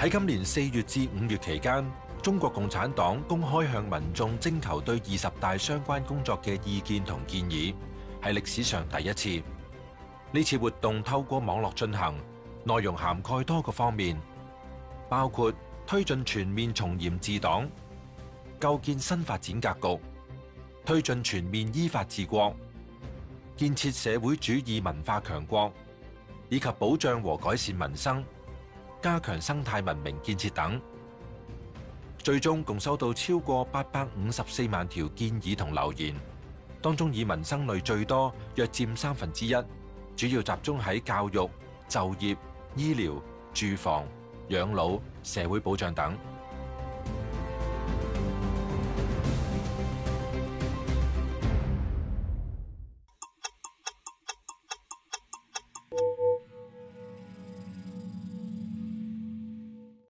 喺今年四月至五月期間，中國共產黨公開向民眾徵求對二十大相關工作嘅意見同建議，係歷史上第一次。呢次活動透過網絡進行，內容涵蓋多個方面，包括推進全面從嚴治黨、構建新發展格局、推進全面依法治國、建設社會主義文化強國，以及保障和改善民生。加強生態文明建設等，最終共收到超過八百五十四萬條建議同留言，當中以民生類最多，約佔三分之一，主要集中喺教育、就業、醫療、住房、養老、社會保障等。